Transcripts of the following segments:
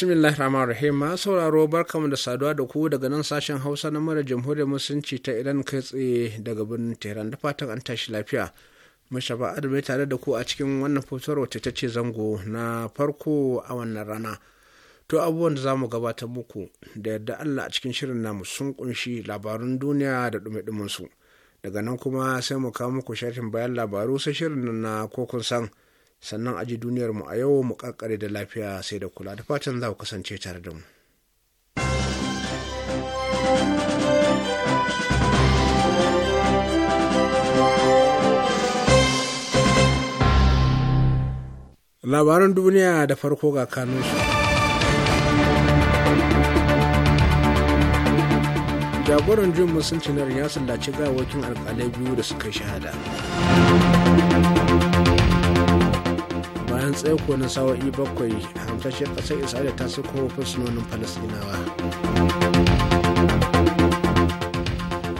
bismillah rahman rahim ma sauraro barkamu da saduwa da ku daga nan sashen hausa na mara jamhuriyar musulunci ta iran kai tsaye daga birnin tehran da fatan an tashi lafiya mashaba adabai tare da ku a cikin wannan fotowar wacce ta ce zango na farko a wannan rana to abubuwan da za mu gabatar muku da yadda allah a cikin shirin namu sun kunshi labarun duniya da dumi su daga nan kuma sai mu kawo muku sharhin bayan labaru sai shirin na kokun san sannan aji duniyarmu a yau mu kakkare da lafiya sai da kula da fatan za ku kasance tare da mu. Labaran duniya da farko ga kanunsu. Jagoran jin musulcinar ya sallaci gawakin alkalai biyu da suka shahada. bayan tsaiko na sawa'i bakwai hamsashiyar ƙasar isra'ila ta sako sunonin falasɗinawa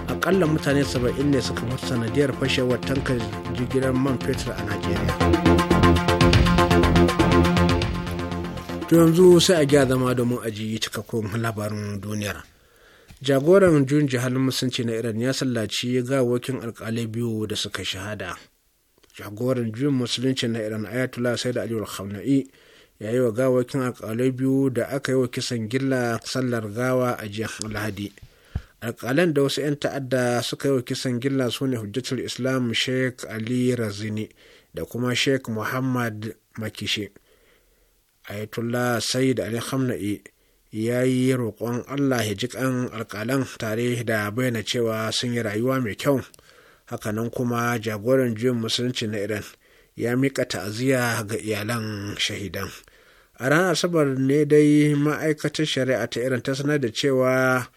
akalla mutane 70 ne suka mutu sanadiyar fashewar tankar jigilar man fetur a najeriya to yanzu sai a gya zama domin a ji cikakkun labarin duniyar jagoran jun jihar musulunci na iran ya sallaci gawokin alkalai biyu da suka shahada jagoran juyin musulunci na iran ayatollah sai da aliyu khamenei ya yi wa gawakin alkalai biyu da aka yi wa kisan gilla sallar gawa a jiya lahadi alkalan da wasu 'yan ta'adda suka yi wa kisan gilla su ne hujjatul islam sheik ali razini da kuma sheik muhammad makishe ayatollah sayyid da khamenei ya yi roƙon allah ya jiƙan alkalan tare da bayyana cewa sun yi rayuwa mai kyau hakanan kuma jagoran juyin musulunci na iran ya mika ta'aziyya ga iyalan shahidan a ranar asabar ne dai ma'aikatar shari'a ta iran ta sanar da cewa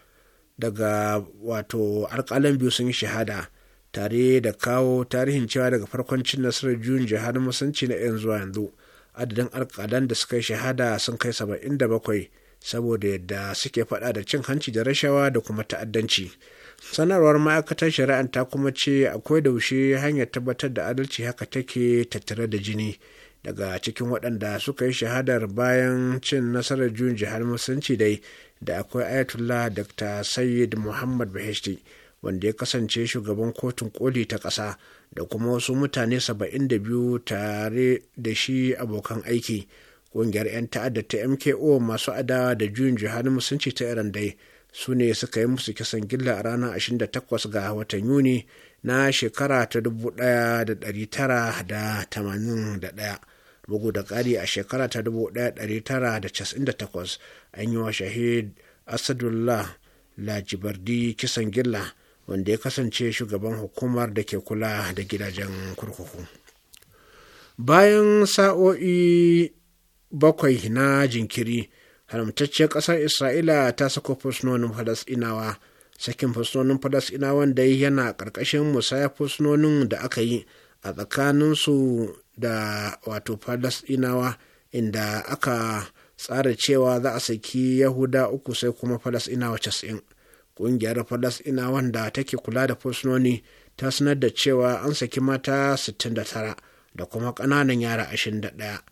daga wato alƙalan biyu sun yi shahada tare da kawo tarihin cewa daga farkon cin nasarar juyin jihar musulunci na iran zuwa yanzu adadin alƙalan da suka yi shahada sun kai saba'in da bakwai saboda yadda suke faɗa da cin hanci da rashawa da kuma ta'addanci sanarwar ma'aikatar shari'ar ta kuma ce akwai daushe hanyar tabbatar da adalci haka take tattare da jini daga cikin waɗanda suka yi shahadar bayan cin nasarar juyin jihar musulunci dai da akwai ayatollah dr sayyid muhammad baheshti wanda ya kasance shugaban kotun koli ta ƙasa da kuma wasu mutane 72 tare da shi abokan aiki ƙungiyar 'yan ta'adda ta mko masu adawa da juyin jihar musulunci ta iran dai su ne suka yi musu kisan gilla a ranar 28 ga watan yuni na shekara ta 1981 bugu da ƙari a shekara ta 1998 an yi wa shahid asadullah lajibardi kisan gilla wanda ya kasance shugaban hukumar da ke kula da gidajen kurkuku bayan sa'o'i bakwai na jinkiri haramtacciyar ƙasar isra'ila ta sako fursunonin falasɗinawa sakin fursunonin falasɗinawan da yana ƙarƙashin musaya fursunonin da aka yi a tsakaninsu da wato falasɗinawa inda aka tsara cewa za a saki yahuda uku sai kuma falasɗinawa casa'in ƙungiyar falasɗinawan da take kula da fursunoni ta sanar da cewa an saki mata 69 da kuma ƙananan yara 21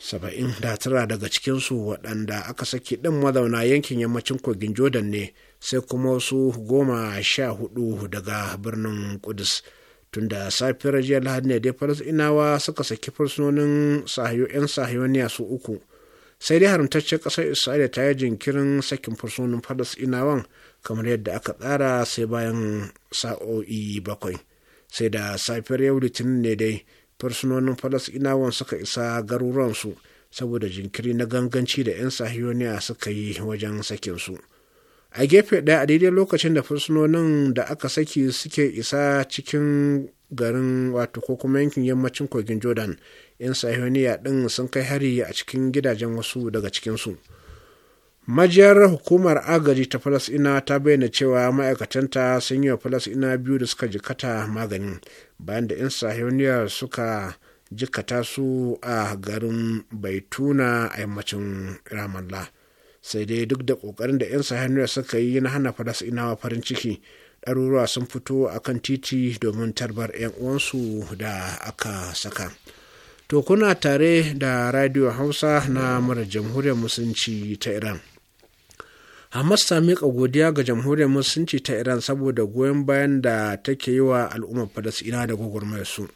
saba'in da tara daga cikinsu waɗanda aka saki ɗin mazauna yankin yammacin kogin jordan ne sai kuma wasu goma sha hudu daga birnin kudus tun da safiyar jiya lahadi ne dai falasɗinawa suka saki fursunonin 'yan sahiyoniya su uku sai dai haramtaccen ƙasar isra'ila ta yi jinkirin sakin fursunonin falasɗinawan kamar yadda aka tsara sai bayan sa'o'i bakwai sai da safiyar yau litinin ne dai fursunonin falasɗinawan suka isa garuruwansu saboda jinkiri na ganganci da 'yan sahiyoniya suka yi wajen sakinsu a gefe ɗaya a daidai lokacin da fursunonin da aka saki suke isa cikin garin wato ko kuma yankin yammacin kogin jordan 'yan sahiyoniya ɗin sun kai hari a cikin gidajen wasu daga cikinsu majiyar hukumar agaji ta falasina ta bayyana cewa ma'aikatanta sun yi wa falasina biyu da suka jikata maganin bayan da 'yan sahiyoniya suka jikata su a garin baituna a yammacin ramallah sai dai duk da kokarin da 'yan sahiyoniya suka yi na hana inawa farin ciki ɗaruruwa sun fito a kan titi domin tarbar 'yan uwansu da aka saka to kuna tare da radio hausa na mara jamhuriyar musulunci ta iran Hamas ta miƙa godiya ga jamhuriyar musulunci ta Iran saboda goyon bayan da take yi wa al'ummar Falasɗina da gwagwarmayar su.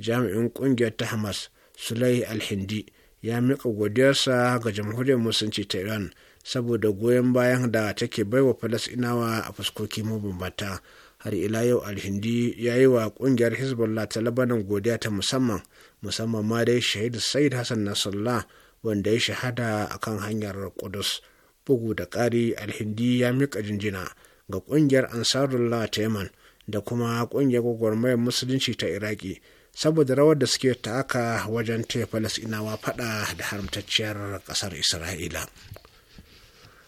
Jami'in ƙungiyar ta Hamas, Sulai Al-Hindi, ya miƙa godiyarsa ga jamhuriyar musulunci ta Iran saboda goyon bayan da take baiwa Falasɗinawa a fuskoki mabambanta. har ila yau alhindi ya yi wa ƙungiyar hezbollah ta labanan godiya ta musamman musamman ma dai shahid said hassan nasrallah wanda ya shahada akan hanyar kudus bugu da ƙari alhindi ya mika jinjina ga ƙungiyar ansarullah ta yaman da kuma ƙungiyar gwagwarmayar musulunci ta iraki saboda rawar da suke taka wajen taya falasinawa faɗa da haramtacciyar ƙasar isra'ila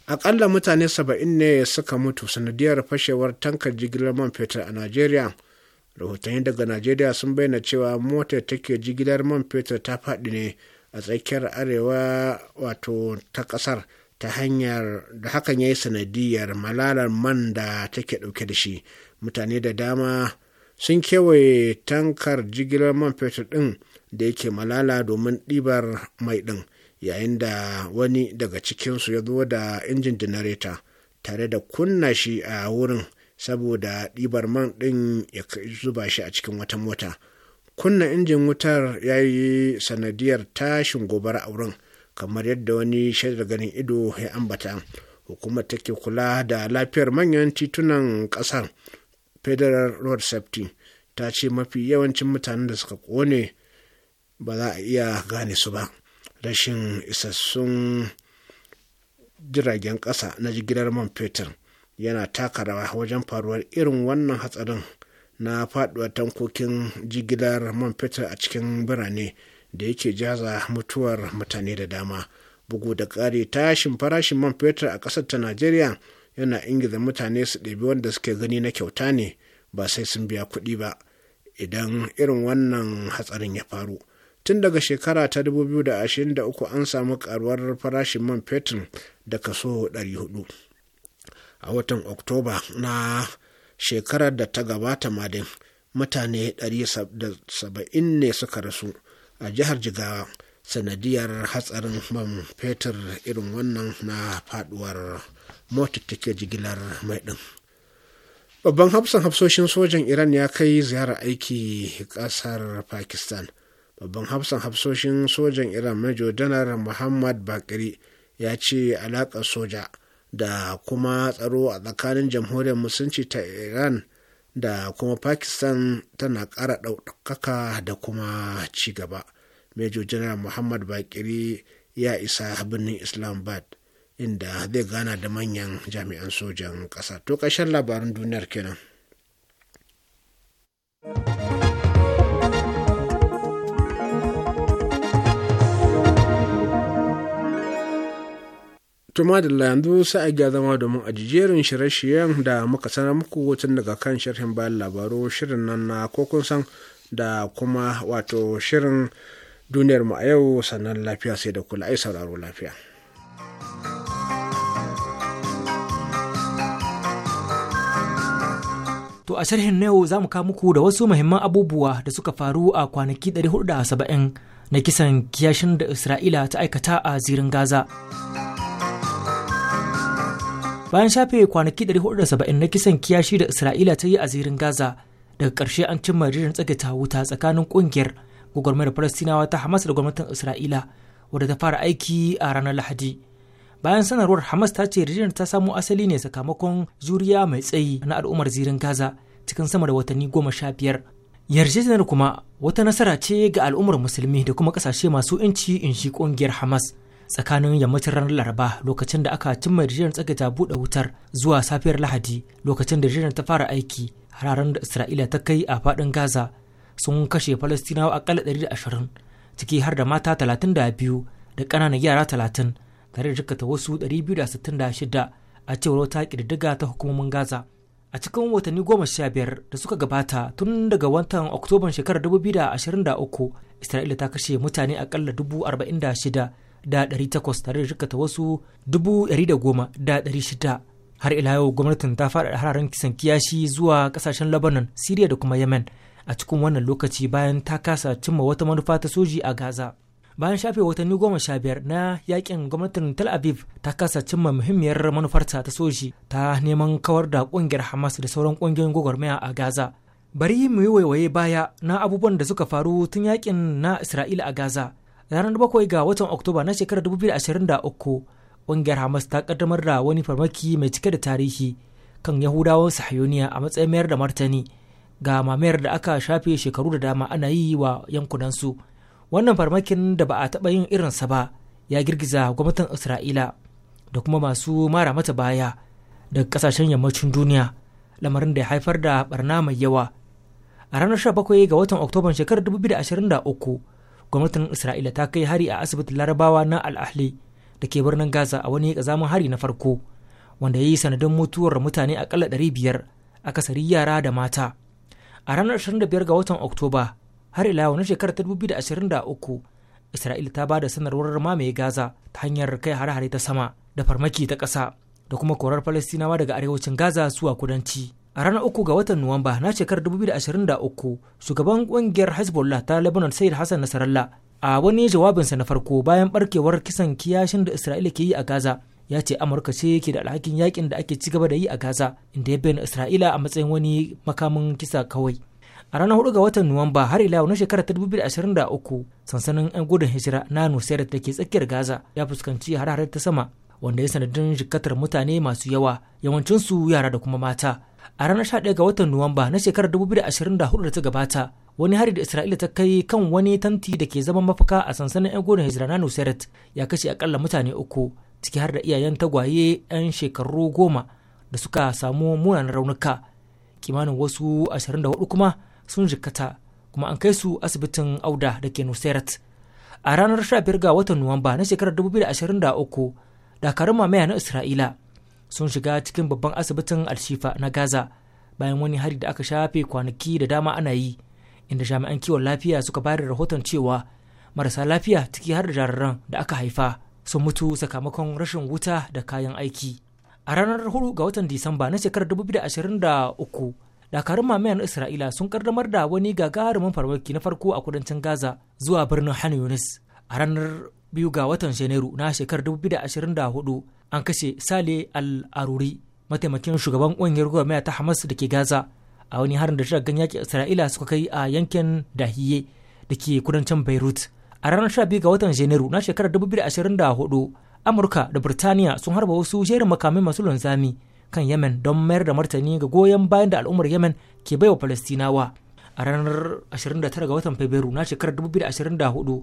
aƙalla mutane saba'in ne suka mutu sanadiyar fashewar tankar jigilar man fetur a najeriya rahotanni daga najeriya sun bayyana cewa motar take jigilar man fetur ta faɗi ne a tsakiyar arewa wato ta ƙasar ta hanyar da hakan ya yi sanadiyar malalar man da take ɗauke da shi mutane da dama sun kewaye tankar jigilar man fetur ɗin da yake malala domin ɗibar mai ɗin yayin da wani daga cikinsu ya zo da injin janareta tare da kunna shi a wurin saboda ɗibar man ɗin ya zuba shi a cikin wata mota kunna injin wutar ya yi sanadiyar tashin gobara a wurin kamar yadda wani shaidar ganin ido ya ambata hukumar take kula da lafiyar manyan titunan ƙasar federal road safety ta ce mafi yawancin mutanen da suka kone ba za a iya gane su ba rashin isassun jiragen ƙasa na jigilar man fetur yana taka rawa wajen faruwar irin wannan hatsarin na faɗuwar tankokin jigilar man fetur a cikin birane da yake jaza mutuwar mutane da dama bugu da ƙari tashin farashin man fetur a ƙasar ta najeriya yana ingiza mutane su ɗabi wanda suke gani na kyauta ne ba sai sun biya kuɗi ba idan irin wannan hatsarin ya faru tun daga shekara ta 2023 an samu karuwar farashin man fetur da kaso 400 a watan oktoba na shekarar da ta gabata madin mutane 170 ne suka rasu a jihar jigawa sanadiyar hatsarin man fetur irin wannan na faduwar motar take jigilar mai ɗin babban hafsan hafsoshin sojan iran ya kai ziyarar aiki ƙasar pakistan babban hafsan hafsoshin sojan iran major janar muhammad bakiri ya ce alaƙar soja da kuma tsaro a tsakanin jamhuriyar musulunci ta iran da kuma pakistan tana kara ɗaukaka da kuma ci gaba major general muhammad bakiri ya isa birnin islamabad inda zai gana da manyan jami'an sojan ƙasa to ƙarshen labarin duniyar kenan. to madalla yanzu sai a gya zama domin a jijerin shirye-shiryen da muka sanar muku tun daga kan sharhin bayan labaru shirin nan na kokun san da kuma wato shirin duniyar mu a yau sannan lafiya sai da kula ai sauraro lafiya. To a sharhin na yau za mu kawo muku da wasu muhimman abubuwa da suka faru a kwanaki 470 na kisan kiyashin da Isra'ila ta aikata a zirin Gaza. bayan shafe kwanaki 470 na kisan kiyashi da isra'ila ta yi a zirin gaza daga karshe an cimma ririn ta wuta tsakanin ƙungiyar gwagwarmayar falastinawa ta hamas da gwamnatin isra'ila wadda ta fara aiki a ranar lahadi bayan sanarwar hamas ta ce ririn ta samo asali ne sakamakon zuriya mai tsayi na al'ummar zirin gaza cikin sama da watanni goma sha biyar yarjejeniyar kuma wata nasara ce ga al'ummar musulmi da kuma kasashe masu inci in shi ƙungiyar hamas tsakanin yammacin ranar laraba lokacin da aka cimma yarjejeniyar ta buɗe wutar zuwa safiyar lahadi lokacin da yarjejeniyar ta fara aiki hararen da isra'ila ta kai a faɗin gaza sun kashe falastinawa akalla 120 ciki har da mata 32 da ƙananan yara talatin tare da jikata wasu 266 a cewar wata ƙididdiga ta hukumomin gaza a cikin watanni goma sha biyar da suka gabata tun daga watan oktoban shekarar uku isra'ila ta kashe mutane akalla shida. da takwas tare da rikata wasu dubu ɗari da goma da shida har ila yau gwamnatin ta faɗa hararen kisan kiyashi zuwa ƙasashen lebanon siriya da kuma yemen a cikin wannan lokaci bayan ta kasa cimma wata manufa ta soji a gaza bayan shafe watanni goma sha biyar na yakin gwamnatin tel aviv ta kasa cimma muhimmiyar manufarta ta soji ta neman kawar da ƙungiyar hamas da sauran ƙungiyoyin gwagwarmaya a gaza bari mu yi waiwaye baya na abubuwan da suka faru tun yakin na isra'ila a gaza ranar bakwai ga watan oktoba na shekarar 2023 ƙungiyar hamas ta kaddamar da wani farmaki mai cike da tarihi kan yahudawan sahayoniya a matsayin mayar da martani ga mamayar da aka shafe shekaru da dama ana yi wa yankunansu wannan farmakin da ba a taɓa yin irinsa ba ya girgiza gwamnatin isra'ila da kuma masu mara mata baya daga kasashen yammacin duniya lamarin da ya haifar da barna mai yawa a ranar 17 ga watan oktoba shekarar 2023 gwamnatin isra'ila ta kai hari a asibitin larabawa na al'ahli da ke birnin gaza a wani kazamin hari na farko wanda ya yi sanadin mutuwar mutane akalla 500 akasari yara da mata a ranar 25 ga watan oktoba har ila wani shekarar 2023 isra'ila ta ba da sanarwar mamaye gaza ta hanyar kai hare-hare ta sama da farmaki ta ƙasa da kuma korar falastinawa daga arewacin gaza zuwa kudanci a ranar uku ga watan nuwamba na shekarar 2023 shugaban kungiyar hezbollah ta lebanon sayid hassan nasarallah a wani jawabinsa na farko bayan barkewar kisan kiyashin da isra'ila ke yi a gaza ya ce amurka ce ke da alhakin yakin da ake ci gaba da yi a gaza inda ya bayyana isra'ila a matsayin wani makamin kisa kawai a ranar 4 ga watan nuwamba har ila na shekarar uku sansanin 'yan gudun hijira na nusayar da ke tsakiyar gaza ya fuskanci har-har ta sama wanda ya sanadin jikatar mutane masu yawa yawancinsu yara da kuma mata a ranar 11 ga watan nuwamba na shekarar 2024 da ta gabata wani hari da isra'ila ta kai kan wani tanti da ke zama mafaka a sansanin 'yan gudun Hezra na ya kashe akalla mutane uku ciki har da iyayen tagwaye 'yan shekaru goma da suka samu munanan raunuka kimanin wasu 24 kuma sun jikkata kuma an kai su asibitin auda da ke nusairat a ranar 15 ga watan nuwamba na shekarar 2023 dakarun mamaya na isra'ila sun shiga cikin babban asibitin alshifa na gaza bayan wani hari da aka shafe kwanaki da dama ana yi inda jami'an kiwon lafiya suka bayar da rahoton cewa marasa lafiya ciki har da jariran da aka haifa sun mutu sakamakon rashin wuta da kayan aiki a ranar 4 ga watan disamba na shekarar 2023 dakarun mamayan isra'ila sun kaddamar da wani gagarumin farmaki na farko a kudancin gaza zuwa birnin han yunis a ranar biyu ga watan janairu na shekarar 2024 an kashe sale al-aruri mataimakin shugaban ƙungiyar gwamnati ta hamas da ke gaza a wani harin da jiragen yakin isra'ila suka kai a yankin dahiye da ke kudancin beirut a ranar 12 ga watan janairu na shekarar 2024 amurka da birtaniya sun harba wasu jerin makamai masu linzami kan yemen don mayar da martani ga goyon bayan da al'ummar yemen ke baiwa falastinawa a ranar 29 ga watan fabrairu na shekarar 2024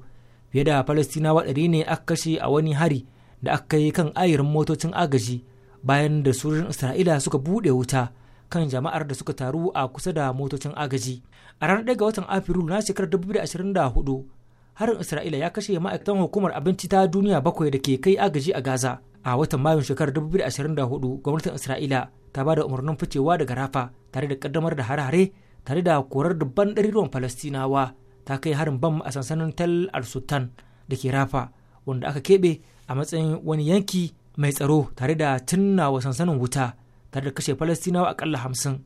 fiye da falastinawa ɗari ne aka kashe a wani hari da aka kai kan ayirin motocin agaji bayan da sojojin isra'ila suka buɗe wuta kan jama'ar da suka taru a kusa da motocin agaji a ranar ɗaya ga watan afrilu na shekarar 2024 harin isra'ila ya kashe ma'aikatan hukumar abinci ta duniya bakwai da ke kai agaji a gaza a watan mayun shekarar 2024 gwamnatin isra'ila ta ba da umarnin ficewa daga rafa tare da kaddamar da hare-hare tare da korar dubban ruwan falastinawa ta kai harin bam a sansanin tel al-sultan da ke rafa wanda aka keɓe a matsayin wani yanki mai tsaro tare da tunawa sansanin wuta tare da kashe falastinawa akalla hamsin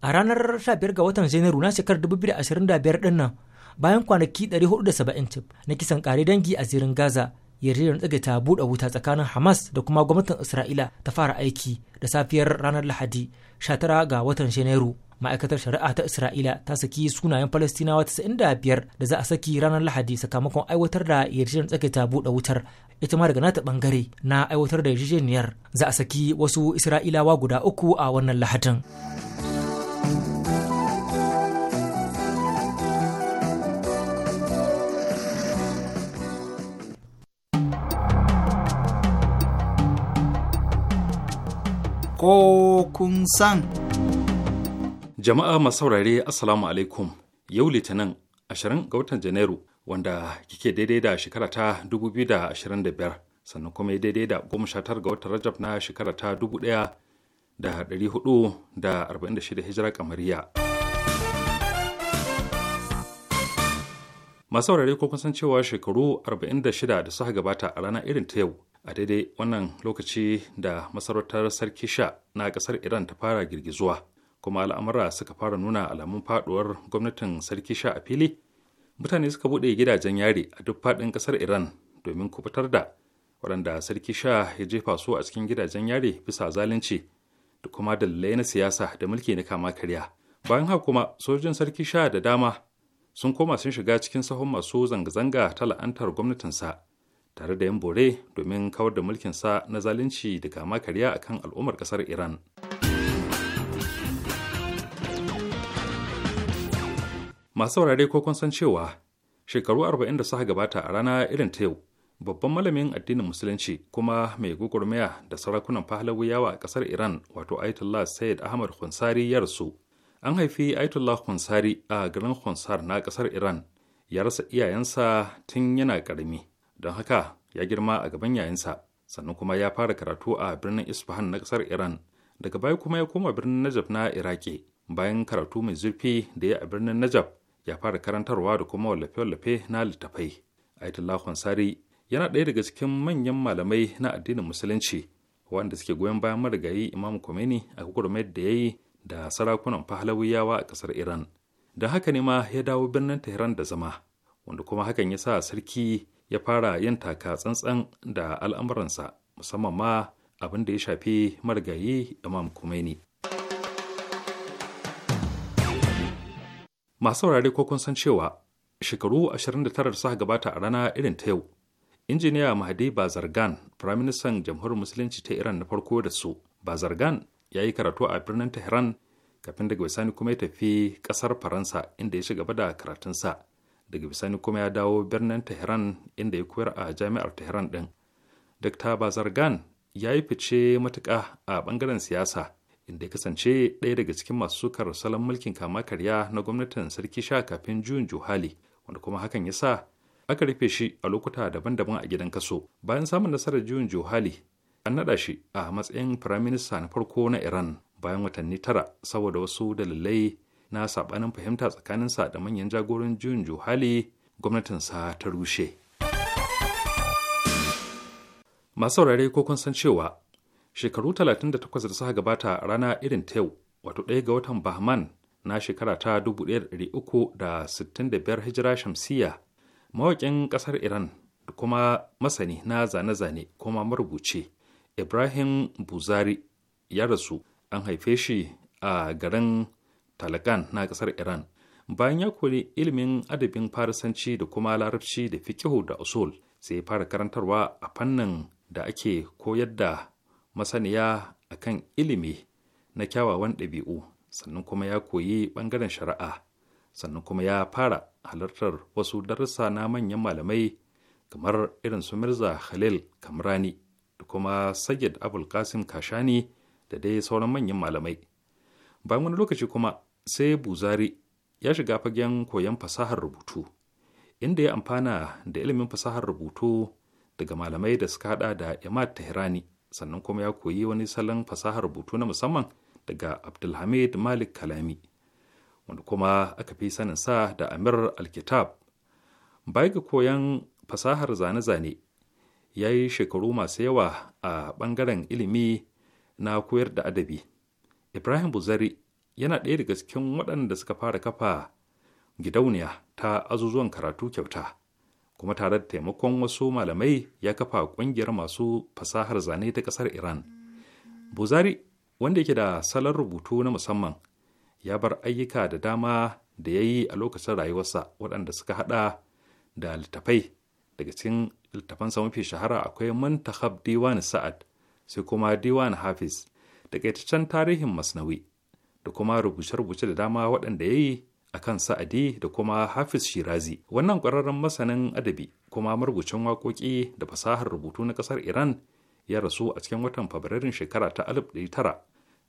a ranar 15 ga watan janairu na shekarar 2025 din bayan kwanaki 470 na kisan kare dangi a zirin gaza yarjejeniyar tsage ta buɗe wuta tsakanin hamas da kuma gwamnatin isra'ila ta fara aiki da safiyar ranar lahadi 19 ga watan janairu ma'aikatar shari'a ta isra'ila ta saki sunayen falastinawa sa'in da biyar da za a saki ranar lahadi sakamakon aiwatar da yarjejeniyar tsakaita buɗe wutar ita ma daga nata bangare na aiwatar da yarjejeniyar za a saki wasu isra'ilawa guda uku a wannan lahadin. Ko kun san. Jama'a masu saurare Assalamu alaikum yau Litinin 20 ga watan Janairu wanda kike daidai da shekara ta 2025 sannan kuma ya daidai da 19 ga watan Rajab na shekara ta 1446 hijira kamariya. Masu saurare ko kun san cewa shekaru 46 da suka gabata a rana irin ta yau a daidai wannan lokaci da masarautar sarki sha na kasar Iran ta fara girgizuwa. kuma al'amura suka fara nuna alamun faduwar gwamnatin sarki sha a fili mutane suka bude gidajen yari a duk fadin kasar iran domin kubutar da waɗanda sarki sha ya jefa su a cikin gidajen yari bisa zalunci da kuma dalilai na siyasa da mulki na kama karya bayan haka kuma sojojin sarki sha da dama sun koma sun shiga cikin sahun masu zanga-zanga ta la'antar gwamnatinsa tare da yan bore domin kawar da mulkinsa na zalunci da kama karya akan al'ummar kasar iran. masu saurare ko kun san cewa shekaru arba'in da suka gabata a rana irin ta yau babban malamin addinin musulunci kuma mai gugurmaya da sarakunan pahlawiyawa a kasar iran wato ayatollah sayyid ahmad khunsari ya rasu an haifi ayatollah khunsari a garin khunsar na kasar iran ya rasa iyayensa tun yana karami don haka ya girma a gaban yayinsa sannan kuma ya fara karatu a birnin isfahan na kasar iran daga baya kuma ya koma birnin najaf na iraki bayan karatu mai zurfi da ya a birnin najaf ya fara karantarwa da kuma wallafe-wallafe na littafai Aitullah kwansari yana ɗaya daga cikin manyan malamai na addinin musulunci wanda suke goyon bayan marigayi imam khomeini a gwagwarmayar da ya yi da sarakunan pahlawiyawa a ƙasar iran don haka ne ma ya dawo birnin tehran da zama wanda kuma hakan ya sa sarki ya fara yin taka tsantsan da al'amuransa musamman ma abin da ya shafi marigayi imam khomeini Masu saurare ko kun san cewa shekaru 29 suka gabata a rana irin ta yau. Injiniya Mahdi Bazargan, Firaministan Jamhuriyar Musulunci ta Iran na farko da su, Bazargan ya yi karatu a birnin Tehran kafin daga bisani kuma ya tafi kasar Faransa inda ya shiga da karatunsa. Daga bisani kuma ya dawo birnin Tehran inda ya koyar a jami'ar Tehran din. Dr. Bazargan ya yi fice matuƙa a bangaren siyasa inda ya kasance ɗaya daga cikin masu sukar salon mulkin kama karya na gwamnatin sarki sha kafin juyin juhali wanda kuma hakan ya sa aka rufe shi a lokuta daban-daban a gidan kaso bayan samun nasarar juyin juhali an naɗa shi a matsayin firaminista na farko na iran bayan watanni tara saboda wasu dalilai na saɓanin fahimta tsakaninsa da manyan jagoran juyin juhali gwamnatinsa ta rushe masu saurare ko kun san cewa shekaru 38 da suka gabata rana irin ta yau wato ɗaya ga watan bahman na shekara ta 1365 hijira shamsiyya mawaƙin ƙasar iran da kuma masani na zane-zane kuma marubuci ibrahim buzari ya rasu an haife shi a garin talakan na ƙasar iran bayan ya kori ilimin adabin farisanci da kuma larabci da fikihu da usul sai ya fara karantarwa a fannin da ake koyar da masaniya a kan ilimi na kyawawan ɗabi'u sannan kuma ya koyi ɓangaren shari'a sannan kuma ya fara halartar wasu darussa na manyan malamai kamar irin su mirza khalil kamrani da kuma sayyid abul kasim kashani da dai sauran manyan malamai bayan wani lokaci kuma sai buzari ya shiga fagen koyon fasahar rubutu inda ya amfana da ilimin fasahar rubutu daga malamai da suka hada da imad tahirani. sannan kuma ya koyi wani salon fasahar rubutu na musamman daga abdulhamid malik kalami wanda kuma aka fi sanin sa da amir alkitab bai ga koyan fasahar zane-zane ya yi shekaru masu yawa a ɓangaren ilimi na koyar da adabi ibrahim buzari yana ɗaya daga cikin waɗanda suka fara kafa gidauniya ta azuzuwan karatu kyauta kuma tare da taimakon wasu malamai ya kafa kungiyar masu fasahar zane ta kasar iran buzari wanda yake da salon rubutu na musamman ya bar ayyuka da dama da ya yi a lokacin rayuwarsa waɗanda suka haɗa da littafai daga cikin littafansa mafi shahara akwai muntahab diwan sa'ad sai kuma diwan hafiz takaitaccen tarihin masnawi da kuma rubuce-rubuce da dama waɗanda ya yi akan sa'adi da kuma hafiz shirazi wannan ƙwararren masanin adabi kuma marubucin waƙoƙi da fasahar rubutu na ƙasar iran ya rasu a cikin watan fabrairun shekara ta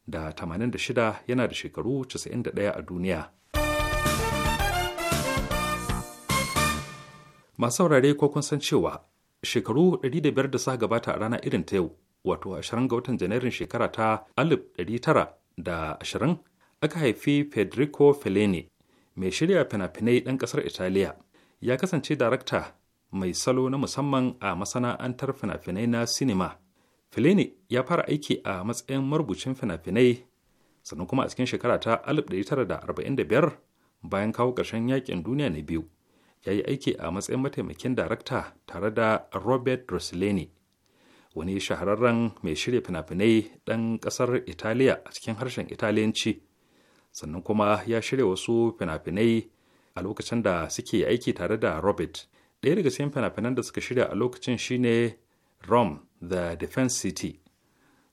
1986 yana da shekaru 91 a duniya masu saurare ko kun san cewa shekaru 105 da suka gabata a rana irin ta yau wato 20 ga watan janairun shekara ta 1920 aka haifi federico fellini mai shirya fina-finai ɗan ƙasar italiya ya kasance darakta mai salo na musamman a masana'antar fina-finai na sinima Fellini ya fara aiki a matsayin marubucin fina-finai sannan kuma a cikin shekara ta 1945 bayan kawo ƙarshen Yaƙin duniya na biyu ya yi aiki a matsayin mataimakin darakta tare da robert rossellini wani shahararren mai shirya fina-finai ɗan ƙasar italiya a cikin harshen italiyanci sannan kuma ya shirya wasu fina-finai a lokacin da suke aiki tare da robert ɗaya daga cikin fina-finan da suka shirya a lokacin shine rome the defense city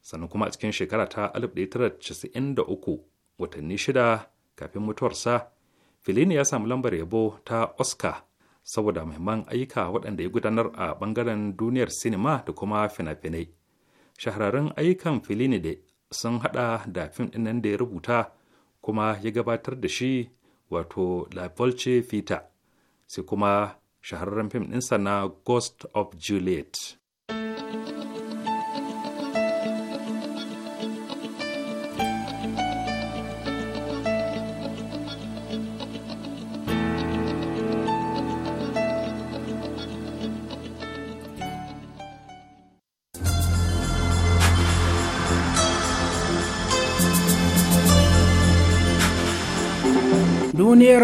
sannan kuma a cikin shekara ta 1993 watanni shida kafin mutuwarsa filini ya samu lambar yabo ta oscar saboda muhimman ayyuka waɗanda ya gudanar a ɓangaren duniyar sinima da kuma fina-finai shahararrun ayyukan filini da sun haɗa da fim ɗin da ya rubuta kuma ya gabatar da shi wato La Volce Vita sai kuma shahararren fim ɗinsa na Ghost of Juliet.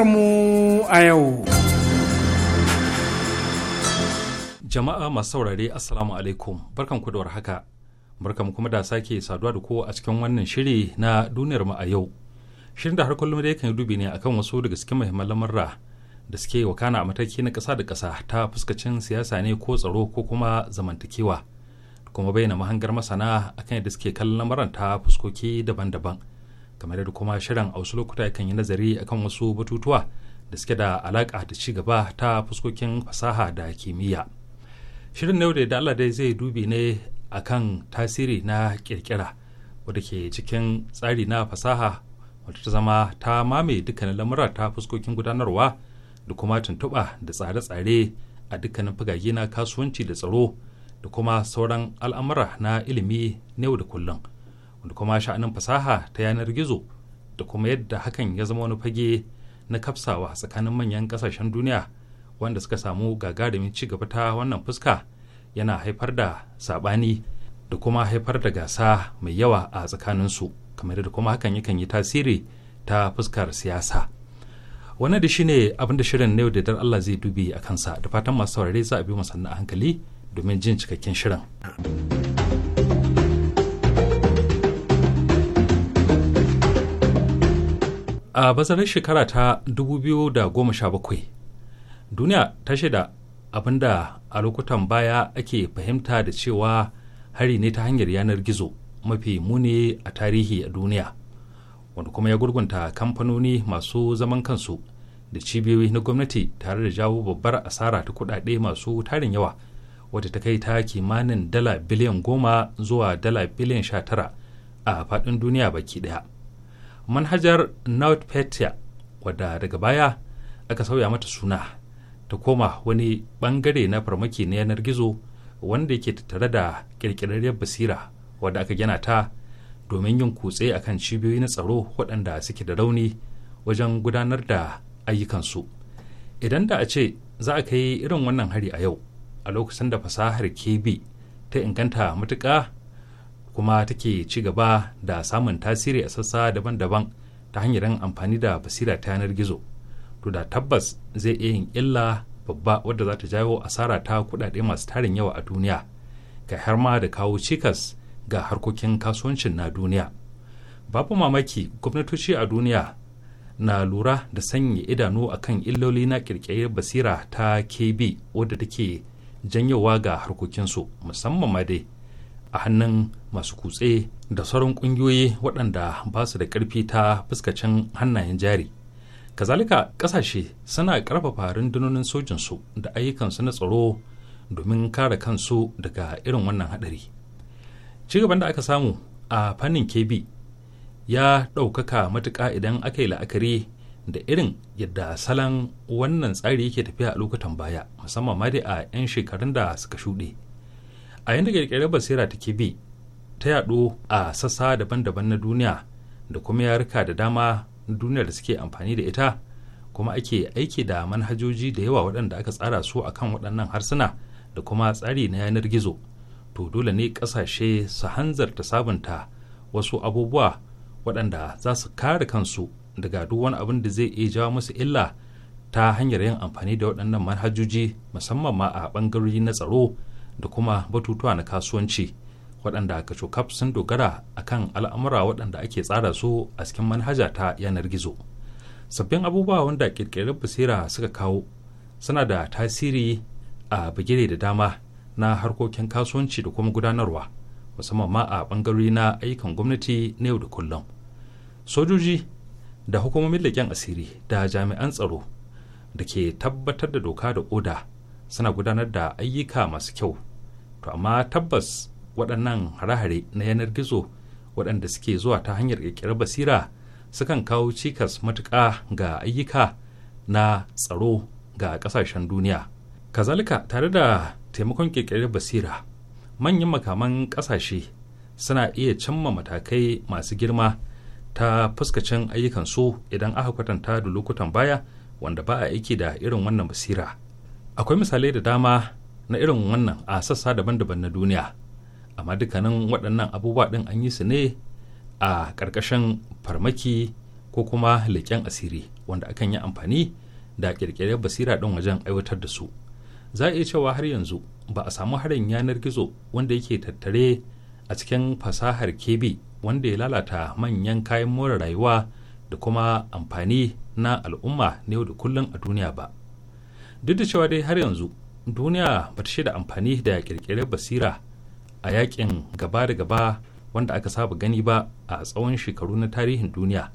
mu a yau. Jama'a masu saurare Assalamu alaikum barkan ku haka warhaka. Barkan kuma da sake saduwa da kowa a cikin wannan shiri na duniyarmu a yau. Shirin da har kullum da yakan yi dubi ne akan wasu daga cikin muhimman lamarra da suke wakana a mataki na ƙasa da ƙasa ta fuskacin siyasa ne ko tsaro ko kuma zamantakewa. Kuma bayyana mahangar masana akan yadda suke kallon lamaran ta fuskoki daban-daban. kamar yadda kuma shirin a wasu lokuta kan yi nazari akan wasu batutuwa da suke da alaƙa da ci gaba ta fuskokin fasaha da kimiyya shirin na yau da Allah dai zai dubi ne akan tasiri na ƙirƙira wadda ke cikin tsari na fasaha wadda ta zama ta mame dukkanin lamura ta fuskokin gudanarwa da kuma tuntuɓa da tsare-tsare a dukkanin fagage na kasuwanci da tsaro da kuma sauran al'amura na ilimi na yau da kullum wanda kuma sha'anin fasaha ta yanar gizo da kuma yadda hakan ya zama wani fage na kafsawa tsakanin manyan kasashen duniya wanda suka samu gagarumin ci gaba ta wannan fuska yana haifar da sabani da kuma haifar da gasa mai yawa a tsakanin su kamar da kuma hakan yakan yi tasiri ta fuskar siyasa wannan da shine abin da shirin na yau da dar Allah zai dubi a kansa da fatan masu saurare za a bi masannin hankali domin jin cikakken shirin. a bazarin shekara ta 2017 duniya ta shida abinda a lokutan baya ake fahimta da cewa hari ne ta hanyar yanar gizo mafi muni a tarihi a duniya wanda kuma ya gurgunta kamfanoni masu zaman kansu da cibiyoyi na gwamnati tare da jawo babbar asara ta kudade masu tarin yawa wadda ta kai ta kimanin dala biliyan goma zuwa dala biliyan sha tara a faɗin duniya baki ɗaya manhajar NotPetya wadda daga baya aka sauya mata suna ta koma wani bangare na farmaki na yanar gizo wanda yake tattare da kirkirarriyar basira wadda aka gina ta domin yin kutse akan cibiyoyi na tsaro waɗanda suke da rauni wajen gudanar da ayyukansu idan da a ce za a kai irin wannan hari a yau a lokacin da fasahar kb ta inganta matuƙa kuma take ci gaba da samun tasiri a sassa daban-daban ta hanyar amfani da basira ta yanar gizo to da tabbas zai iya yin illa babba wadda za ta jawo asara ta kuɗaɗe masu tarin yawa a duniya ga har ma da kawo cikas ga harkokin kasuwancin na duniya babu mamaki gwamnatoci a duniya na lura da sanya idanu a kan illoli na kirkirar basira ta kb wadda take janyowa ga harkokinsu musamman ma dai a hannun masu kutse da sauran ƙungiyoyi waɗanda ba su da ƙarfi ta fuskacin hannayen jari kazalika ƙasashe suna ƙarfafa rundunonin sojinsu da ayyukansu na tsaro domin kare kansu daga irin wannan haɗari ci gaban da aka samu a fannin kb ya ɗaukaka matuƙa idan aka yi la'akari da irin yadda salon wannan tsari yake tafiya a lokutan baya musamman ma dai a 'yan shekarun da suka shuɗe a yadda kirkirar basira take bi ta yaɗo a sassa daban-daban na duniya da kuma yaruka da dama na duniyar da suke amfani da ita kuma ake aiki da manhajoji da yawa waɗanda aka tsara su akan waɗannan harsuna da kuma tsari na yanar gizo to dole ne ƙasashe su hanzarta sabunta wasu abubuwa waɗanda za su kare kansu daga duk wani abin da zai iya jawo musu illa ta hanyar yin amfani da waɗannan manhajoji musamman ma a ɓangarori na tsaro da kuma batutuwa na kasuwanci waɗanda cokaf sun dogara a kan al'amura waɗanda ake tsara su a cikin manhaja ta yanar gizo sabbin abubuwa wanda ƙirƙirar basira suka kawo suna da tasiri a bigire da dama na harkokin kasuwanci da kuma gudanarwa musamman ma a ɓangarori na ayyukan gwamnati na yau da kullum sojoji da hukumomin leƙen asiri da jami'an tsaro da ke tabbatar da doka da oda suna gudanar da ayyuka masu kyau to amma tabbas waɗannan hare-hare na yanar gizo waɗanda suke zuwa ta hanyar ƙirƙirar basira sukan kawo cikas matuƙa ga ayyuka na tsaro ga ƙasashen duniya kazalika tare da taimakon ƙirƙirar basira manyan makaman ƙasashe suna iya cimma matakai masu girma ta fuskacin ayyukan su idan aka kwatanta da lokutan baya wanda ba a aiki da irin wannan basira akwai misalai da dama na irin wannan a sassa daban-daban na duniya amma dukkanin waɗannan abubuwa ɗin an yi su ne a ƙarƙashin farmaki ko kuma leƙen asiri wanda akan yi amfani da ƙirƙirar basira ɗin wajen aiwatar da su za a iya cewa har yanzu ba a samu harin yanar gizo wanda yake tattare a cikin fasahar kebe wanda ya lalata manyan kayan more rayuwa da kuma amfani na al'umma na yau da kullum a duniya ba duk da cewa dai har yanzu duniya ba ta da amfani da kirkirar basira a yakin gaba da gaba wanda aka saba gani ba a tsawon shekaru na tarihin duniya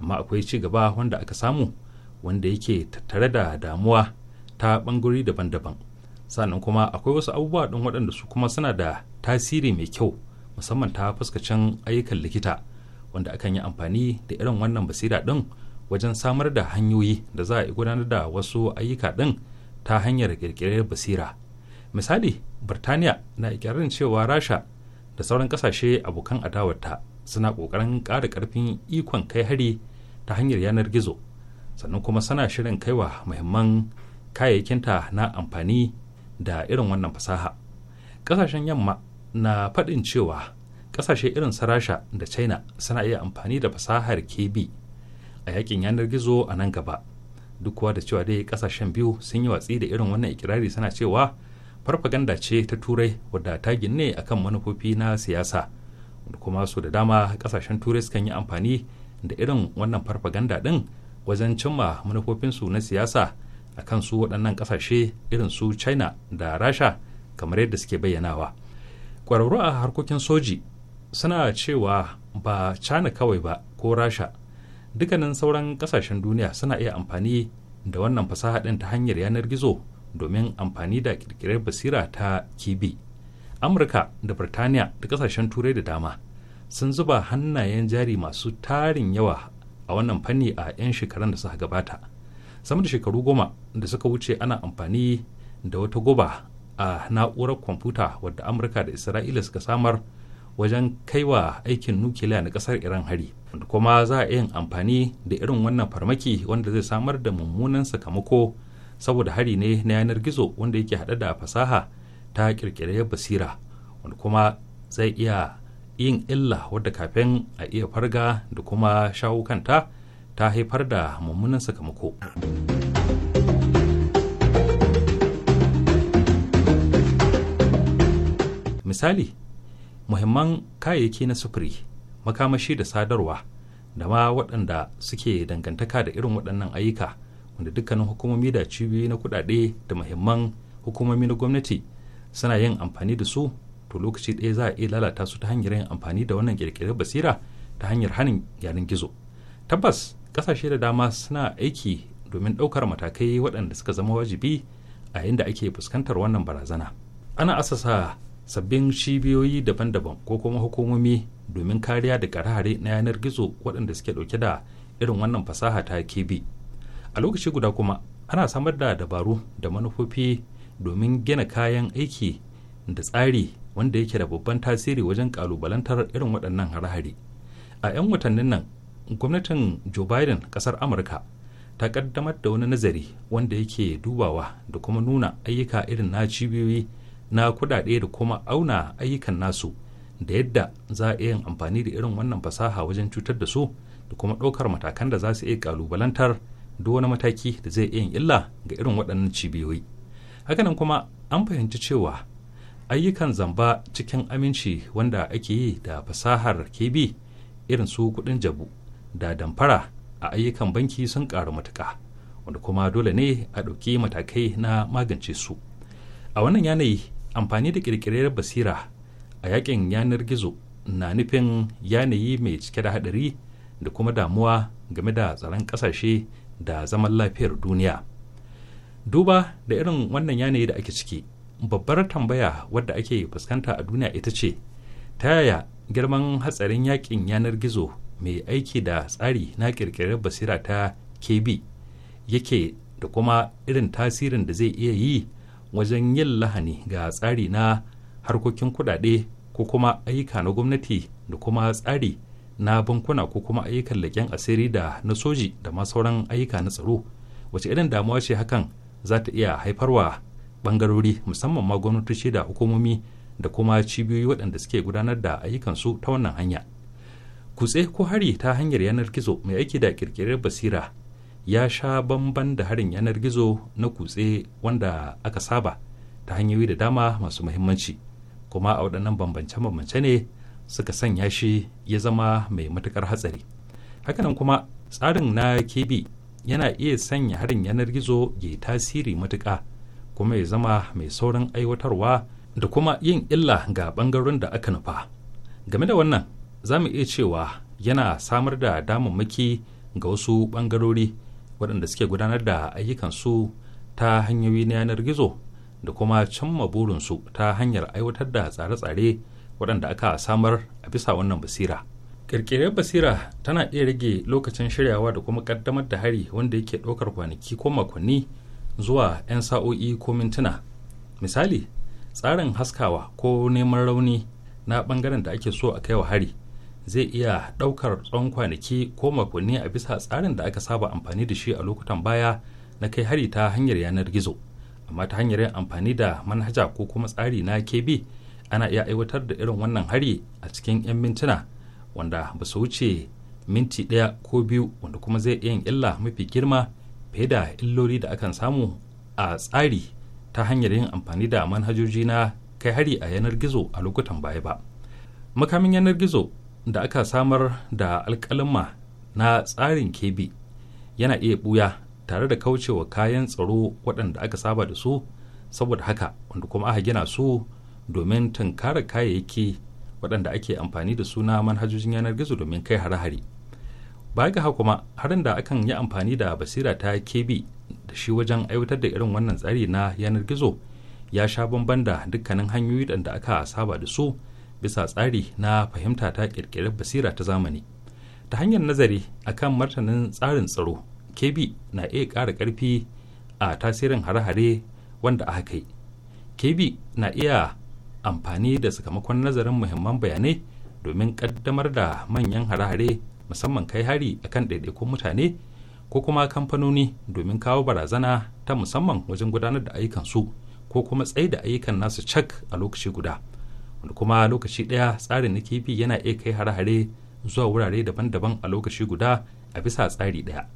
amma akwai ci gaba wanda aka samu wanda yake tattare da damuwa ta bangare daban-daban sannan kuma akwai wasu abubuwa ɗin waɗanda su kuma suna da tasiri mai kyau musamman ta fuskacin ayyukan likita wanda akan yi amfani da irin wannan basira ɗin wajen samar da hanyoyi da za a gudanar da wasu ayyuka ɗin ta hanyar kirkirar basira misali birtaniya na ikirarin cewa rasha da sauran kasashe abokan adawarta suna kokarin ƙara ƙarfin ikon kai hari ta hanyar yanar gizo sannan kuma suna shirin kaiwa muhimman kayayyakinta na amfani da irin wannan fasaha kasashen yamma na faɗin cewa kasashe irin su rasha da china suna iya amfani da fasahar kb a yakin yanar gizo a nan gaba duk kuwa da cewa dai kasashen biyu sun yi watsi da irin wannan ikirari suna cewa farfaganda ce ta turai wadda ta ginne akan manufofi na siyasa kuma su da dama kasashen turai sukan yi amfani da irin wannan farfaganda din wajen cimma manufofinsu na siyasa a kan su waɗannan ƙasashe irin su china da rasha kamar yadda suke bayyanawa ƙwararru a harkokin soji suna cewa ba china kawai ba ko rasha dukkanin sauran kasashen duniya suna iya amfani da wannan fasaha ɗin ta hanyar yanar gizo domin amfani da kirkirar basira ta kibi amurka da birtaniya da kasashen turai da dama sun zuba hannayen jari masu tarin yawa a wannan fanni a 'yan shekarun da suka gabata sama da shekaru goma da suka wuce ana amfani da wata guba a na'urar kwamfuta wadda amurka da isra'ila suka samar wajen kaiwa aikin nukiliya na kasar iran hari kuma za a yin amfani da irin wannan farmaki wanda zai samar da mummunan sakamako saboda hari ne na yanar gizo wanda yake haɗa da fasaha ta kirkirar basira wanda kuma zai iya yin illa wadda kafin a iya farga da kuma shawo kanta ta haifar da mummunan sakamako. misali muhimman kayayyaki na sufuri makamashi da sadarwa da ma waɗanda suke dangantaka da irin waɗannan ayyuka wanda dukkanin hukumomi da cibiyoyi na kuɗaɗe da muhimman hukumomi na gwamnati suna yin amfani da su to lokaci ɗaya za a iya lalata su ta hanyar yin amfani da wannan ƙirƙirar basira ta hanyar hanin yanar gizo tabbas ƙasashe da dama suna aiki domin ɗaukar matakai waɗanda suka zama wajibi a yayin da ake fuskantar wannan barazana ana asasa sabbin cibiyoyi daban-daban ko kuma hukumomi domin kariya da karahare na yanar gizo waɗanda suke ɗauke da irin wannan fasaha ta bi a lokaci guda kuma ana samar da dabaru da manufofi domin gina kayan aiki da tsari wanda yake da babban tasiri wajen kalubalantar irin waɗannan hare a 'yan watannin nan gwamnatin joe biden ƙasar amurka ta kaddamar da wani nazari wanda yake dubawa da kuma nuna ayyuka irin na cibiyoyi na kudade da kuma auna ayyukan nasu da yadda za a yin amfani da irin wannan fasaha wajen cutar da su da kuma ɗaukar matakan da za su iya kalubalantar duk wani mataki da zai iya yin illa ga irin waɗannan cibiyoyi hakanan kuma an fahimci cewa ayyukan zamba cikin aminci wanda ake yi da fasahar KB irin su kuɗin jabu da damfara a ayyukan banki sun ƙaru matuka, wanda kuma dole ne a ɗauki matakai na magance su a wannan yanayi amfani da ƙirƙirar basira a yakin yanar gizo na nufin yanayi mai cike da hadari da kuma damuwa game da tsaron ƙasashe da zaman lafiyar duniya duba da irin wannan yanayi da ake ciki babbar tambaya wadda ake fuskanta a duniya ita ce ta yaya girman hatsarin yakin yanar gizo mai aiki da tsari na kirkirar basira ta kb yake da kuma irin tasirin da zai iya yi wajen yin lahani ga tsari na harkokin kudade ko kuma ayyuka na gwamnati da kuma tsari na bankuna ko kuma ayyukan leƙen asiri da na soji da ma sauran ayyuka na tsaro wace irin damuwa ce hakan za ta iya haifarwa bangarori musamman ma gwamnatoci da hukumomi da kuma cibiyoyi waɗanda suke gudanar da ayyukan su ta wannan hanya kutse ko hari ta hanyar yanar gizo mai aiki da kirkirar basira ya sha bamban da harin yanar gizo na kutse wanda aka saba ta hanyoyi da dama masu muhimmanci kuma a waɗannan bambance-bambance ne suka sanya shi ya zama mai matukar hatsari hakanan kuma tsarin na KB, yana iya sanya harin yanar gizo ya tasiri matuƙa kuma ya zama mai saurin aiwatarwa da kuma yin illa ga ɓangaren da aka nufa game da wannan za mu iya cewa yana samar da damammaki ga wasu ɓangarori waɗanda suke gudanar da ayyukansu ta hanyoyi na yanar gizo da kuma cimma burinsu ta hanyar aiwatar da tsare-tsare waɗanda aka samar a bisa wannan basira ƙirƙirar basira tana iya rage lokacin shiryawa da kuma ƙaddamar da hari wanda yake ɗaukar kwanaki ko makonni zuwa 'yan sa'o'i ko mintuna misali tsarin haskawa ko neman rauni na ɓangaren da ake so a kai wa hari zai iya ɗaukar tsawon kwanaki ko makonni a bisa tsarin da aka saba amfani da shi a lokutan baya na kai hari ta hanyar yanar gizo amma ta hanyar yin amfani da manhaja ko kuma tsari na kb ana iya aiwatar da irin wannan hari a cikin 'yan mintuna wanda ba su wuce minti ɗaya ko biyu wanda kuma zai iya yin illa mafi girma fiye da illoli da akan samu a tsari ta hanyar yin amfani da manhajoji na kai hari a yanar gizo a lokutan baya ba makamin yanar gizo da aka samar da alƙalma na tsarin kebi yana iya buya tare da kaucewa kayan tsaro waɗanda aka saba da su saboda haka wanda kuma aka gina su domin tunkara kayayyaki waɗanda ake amfani da su na manhajojin yanar gizo domin kai hare-hare ba ga kuma harin da akan yi amfani da basira ta kebi da shi wajen aiwatar da irin wannan tsari na yanar gizo ya sha bamban da dukkanin hanyoyi da aka saba da su bisa tsari na fahimta ta ƙirƙirar basira ta zamani ta hanyar nazari a kan martanin tsarin tsaro kb na iya ƙara ƙarfi a tasirin hare-hare wanda aka kai kb na iya amfani da sakamakon nazarin muhimman bayanai domin ƙaddamar da manyan hare-hare musamman kai hari akan ɗaiɗaikun mutane ko kuma kamfanoni domin kawo barazana ta musamman wajen gudanar da ayyukansu ko kuma tsaye da ayyukan nasu cak a lokaci guda wanda kuma lokaci ɗaya tsarin na kifi yana iya kai hare-hare zuwa wurare daban-daban a lokaci guda a bisa tsari ɗaya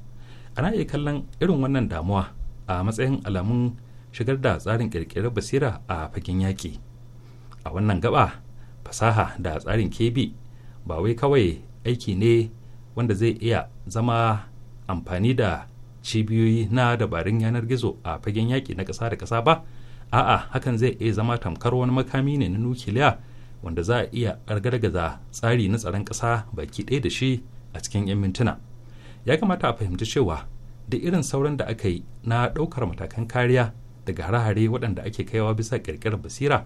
ana iya kallon irin wannan damuwa a matsayin alamun shigar da tsarin ƙirƙirar basira a fagen yaƙi a wannan gaba fasaha da tsarin kebi ba wai kawai aiki ne wanda zai iya zama amfani da cibiyoyi na dabarun yanar gizo a fagen yaƙi na ƙasa da ƙasa ba a'a hakan zai iya zama tamkar wani makami ne na nukiliya wanda za a iya argargaza tsari na tsaron ƙasa baki ɗaya da shi a cikin 'yan mintuna ya kamata a fahimci cewa da irin sauran da aka yi na ɗaukar matakan kariya daga hare-hare waɗanda ake kaiwa bisa ƙirƙirar basira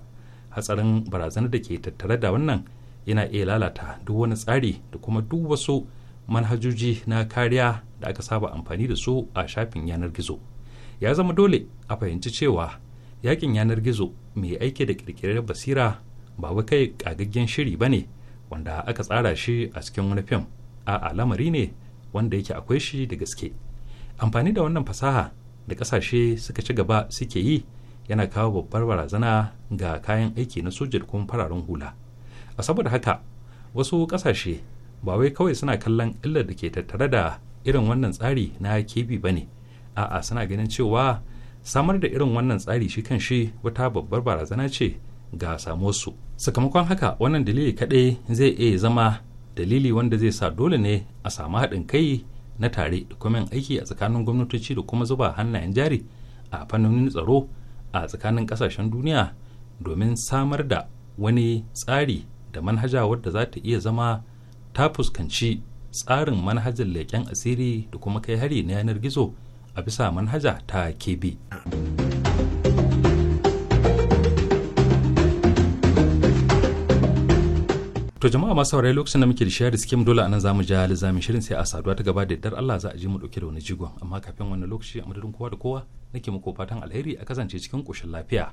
hatsarin barazanar da ke tattare da wannan yana iya lalata duk wani tsari da kuma duk wasu manhajoji na kariya da aka saba amfani da su a shafin yanar gizo ya zama dole a fahimci cewa yakin yanar gizo mai aiki da kirkirar basira ba wai kai kagaggen shiri ba ne wanda aka tsara shi a cikin wani fim a lamari ne wanda yake akwai shi da gaske amfani da wannan fasaha da kasashe suka ci gaba suke yi yana kawo babbar barazana ga kayan aiki na soja kuma fararen hula a saboda haka wasu kasashe ba wai kawai suna kallon illar da ke tattare da irin wannan tsari na kebi ba ne a'a suna ganin cewa samar da irin wannan tsari shi kan shi wata babbar barazana ce ga su. sakamakon haka wannan dalili kaɗai zai iya zama dalili wanda zai sa dole ne a samu haɗin kai na tare da kuma aiki a tsakanin gwamnatoci da kuma zuba hannayen jari a fannonin tsaro a tsakanin ƙasashen duniya domin samar da wani tsari da manhaja wadda za ta iya zama ta fuskanci tsarin manhajar leƙen asiri da kuma kai hari na yanar gizo a bisa manhaja ta KB. To jama'a masu saurayi lokacin da muke da shayar dole anan zamu ja lizamin shirin sai a saduwa ta gaba da yardar Allah za a ji mu dauke da wani jigon amma kafin wannan lokaci a madadin kowa da kowa nake muku fatan alheri a kasance cikin koshin lafiya.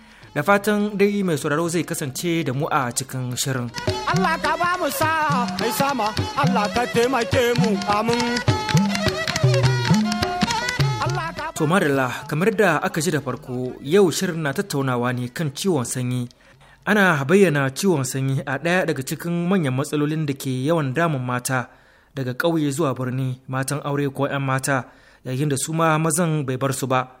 da fatan dai mai sauraro zai kasance da mu a cikin shirin. Allah ka ba mu sa mai sama Allah ka taimake mu amin. To madalla kamar da aka ji da farko yau shirin na tattaunawa ne kan ciwon sanyi. Ana bayyana ciwon sanyi a ɗaya daga cikin manyan matsalolin da ke yawan damun mata daga ƙauye zuwa birni matan aure ko 'yan mata yayin da su ma mazan bai bar su ba.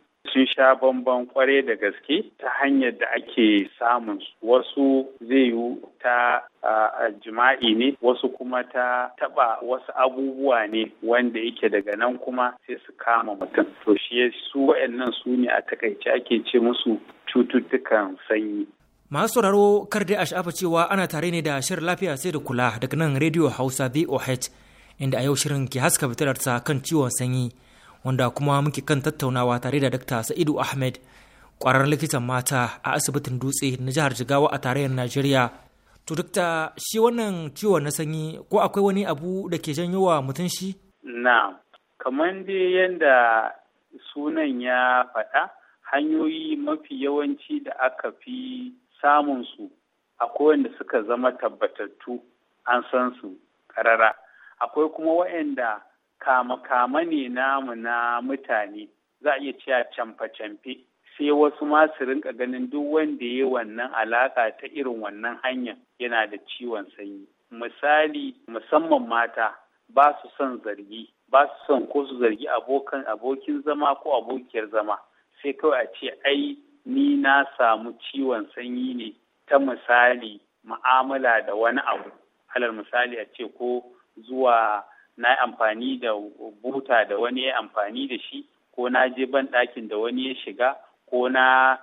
sun sha bamban kware da gaske ta hanyar da ake samun wasu zai yi ta jima'i ne wasu kuma ta taba wasu abubuwa ne wanda yake daga nan kuma sai su kama mutum to shi su wayannan su ne a takaice ake ce musu cututtukan sanyi masu sauraro kar dai a sha'afa cewa ana tare ne da shirin lafiya sai da kula daga nan rediyo hausa voh inda a yau shirin ke haska fitararsa kan ciwon sanyi wanda kuma muke kan tattaunawa tare da Dr. Sa'idu Ahmed ƙwararren likitan mata a asibitin dutse na jihar Jigawa a tarayyar Najeriya. To Dr. shi wannan ciwo na sanyi ko akwai wani abu da ke janyo wa mutum shi? Na, kamar dai yadda sunan ya faɗa hanyoyi mafi yawanci da aka fi samun su akwai wanda suka zama tabbatattu an san su karara akwai kuma waɗanda kama-kama ne namu na mutane za a iya cewa camfe-camfe sai wasu ma su rinka ganin duk wanda ya yi wannan alaka ta irin wannan hanya yana da ciwon sanyi misali musamman mata ba su son zargi ba su son ko su zargi abokan abokin zama ko abokiyar zama sai kawai a ce ai ni na samu ciwon sanyi ne ta misali mu'amala da wani abu halar misali a ce ko zuwa na yi amfani da buta da wani ya amfani da shi ko na je ban ɗakin da wani ya shiga ko na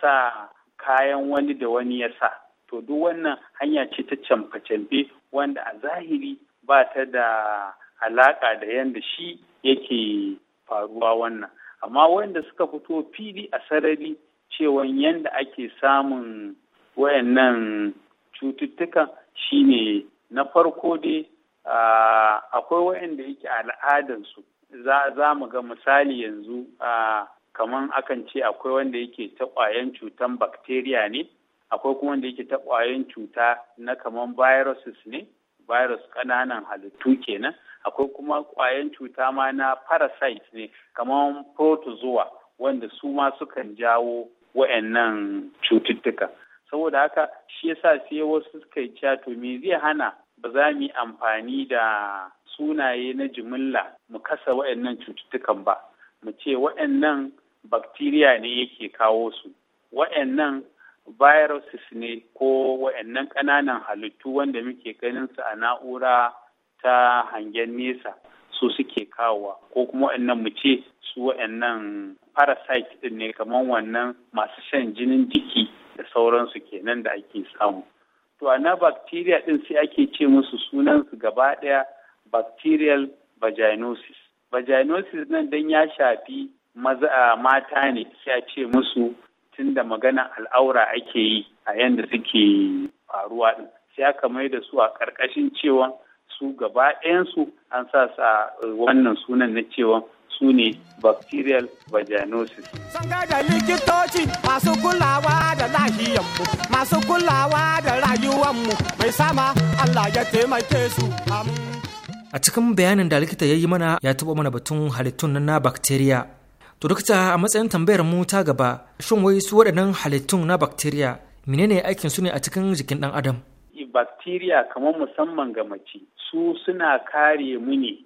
sa kayan wani da wani ya sa to duk wannan hanya ce ta camfe-camfe wanda a zahiri ba ta da alaƙa da yadda shi yake faruwa wannan amma wanda suka fito fili a sarari cewan yadda ake samun wayannan cututtukan shine na farko dai Ah, akwai waɗanda yake al'adansu za mu ga misali yanzu ah, kaman akan ce akwai wanda yake ta ƙwayan cutan bakteriya ne akwai kuma wanda yake ta ƙwayan cuta na kaman viruses ne virus ƙananan halittu kenan akwai kuma ƙwayan cuta ma na parasite ne kaman protozoa wanda su ma sukan jawo wa'annan cututtuka saboda haka shi yasa sai wasu suka yi to me zai hana ba za mu yi amfani da sunaye na jimilla mu kasa waɗannan cututtukan ba mu ce waɗannan bakteriya ne yake kawo su waɗannan viruses ne ko waɗannan ƙananan halittu wanda muke ganin su a na'ura ta hangen nesa su suke kawowa ko kuma waɗannan mu ce su waɗannan parasite ɗin ne kamar wannan masu shan jinin jiki da sauransu kenan da ake samu to na bacteria din sai ake ce musu sunan su gaba ɗaya bacterial vaginosis vaginosis nan dan ya shafi maza mata ne sai a ce musu tunda magana al'aura ake yi a yanda suke faruwa din sai aka mai da su a ƙarƙashin cewa su gaba ɗayansu an sa sa eh, wannan sunan na cewa su ne bacterial vaginosis. Sun da likitoci masu kulawa da lahiyanmu, masu kulawa da rayuwanmu mai sama Allah ya taimake su. A cikin bayanin da likita ya yi mana ya taɓa mana batun halittun na bacteria. To dokta a matsayin tambayar mu ta gaba, shin wai su waɗannan halittun na bacteria menene aikin su ne a cikin jikin ɗan adam? Bacteria kamar musamman ga mace, su suna kare mu ne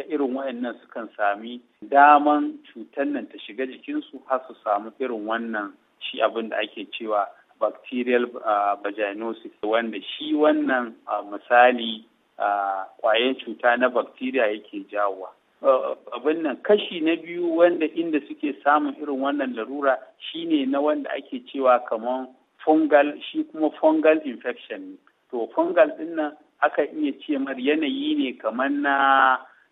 ta irin wa'annan sukan sami daman cutar nan ta shiga jikinsu har su samu irin wannan shi abin da ake cewa bacterial ah, vaginosis wanda shi wannan ah, misali ah, kwayan cuta na bacteria yake jawowa abin nan kashi na biyu wanda inda suke samun irin wannan larura shine na wanda ake cewa kamar fungal shi kuma fungal infection to fungal din aka iya ce mar yanayi ne kamar na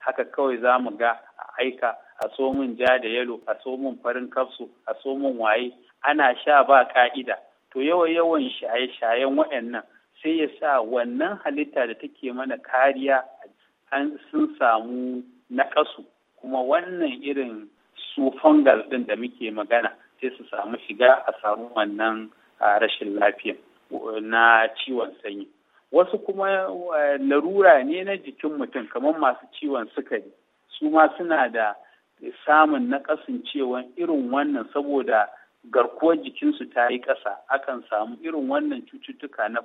haka kawai za mu ga a aika a so min ja da yalo a so min farin kafsu a so min waye ana sha ba ka'ida to yawan yawan shaye-shayen waɗannan sai ya sa wannan halitta da take mana kariya an sun samu naƙasu kuma wannan irin su fungal ɗin da muke magana sai su samu shiga a samu wannan rashin lafiya na ciwon sanyi. wasu kuma eh, larura ne na jikin mutum kamar masu ciwon sukari su ma suna da samun na kasancewan irin wannan saboda garkuwar jikinsu ta yi ƙasa akan samu irin wannan cututtuka na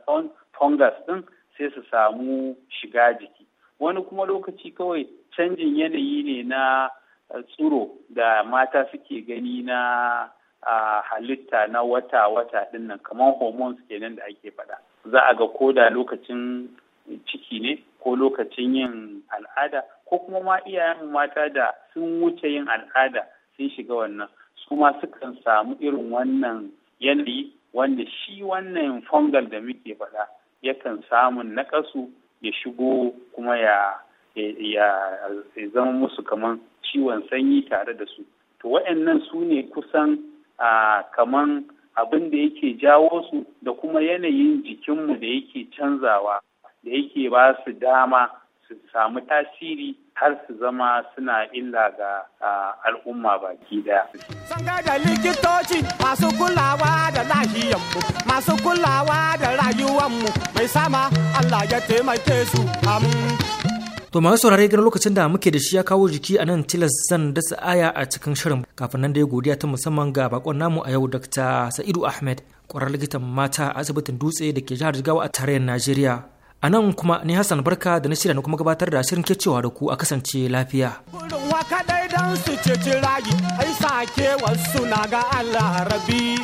fungus ɗin sai su samu shiga jiki wani kuma lokaci kawai canjin yanayi ne na eh, tsiro da mata suke gani na ah, halitta na wata-wata ɗinnan kamar hormones kenan da ake faɗa. za a ga koda lokacin ciki ne ko lokacin yin al'ada ko kuma ma iyayen mata da sun wuce yin al'ada sun shiga wannan su ma sukan samu irin wannan yanayi wanda shi wannan fungal da muke faɗa yakan samun naƙasu ya shigo kuma ya zama musu kaman ciwon sanyi tare da su to waɗannan su ne kusan kaman abin da yake jawo su da kuma yanayin jikinmu da yake canzawa da yake ba su dama su samu tasiri har su zama suna illa ga al'umma baki daya. Sun da likitoci masu kulawa da lahiyanmu, masu kulawa da rayuwanmu mai sama Allah ya taimake su amin. To masu saurare ganin lokacin da muke da shi ya kawo jiki a nan tilas zan dasa aya a cikin shirin kafin nan da ya godiya ta musamman ga bakon namu a yau Dr. Sa'idu Ahmed kwarar likitan mata a asibitin dutse da ke jihar Jigawa a tarayyar Najeriya. A nan kuma ni Hassan Barka da na shirya na kuma gabatar da shirin cewa da ku a kasance lafiya. dan su ce ai sake wasu na ga Allah rabi.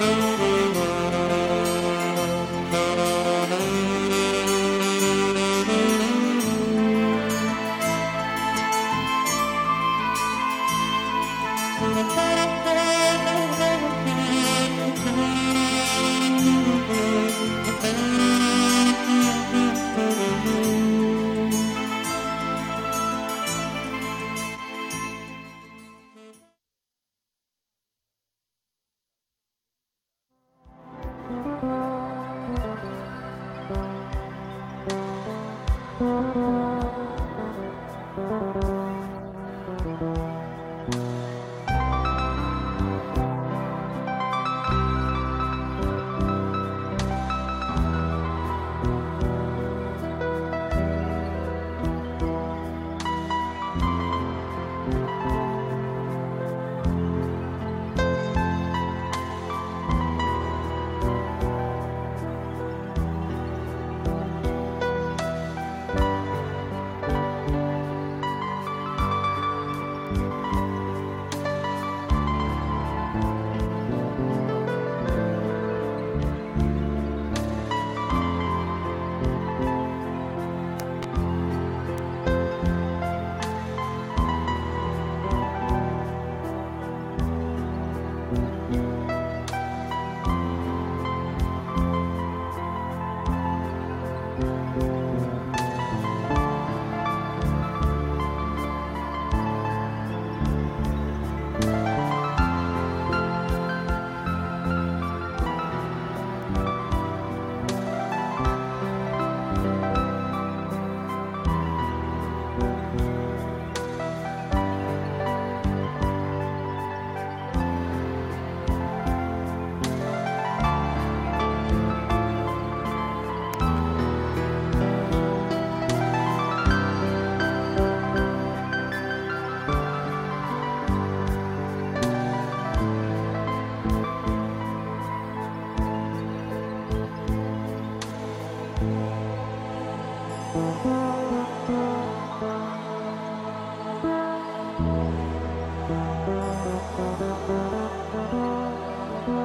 Thank you.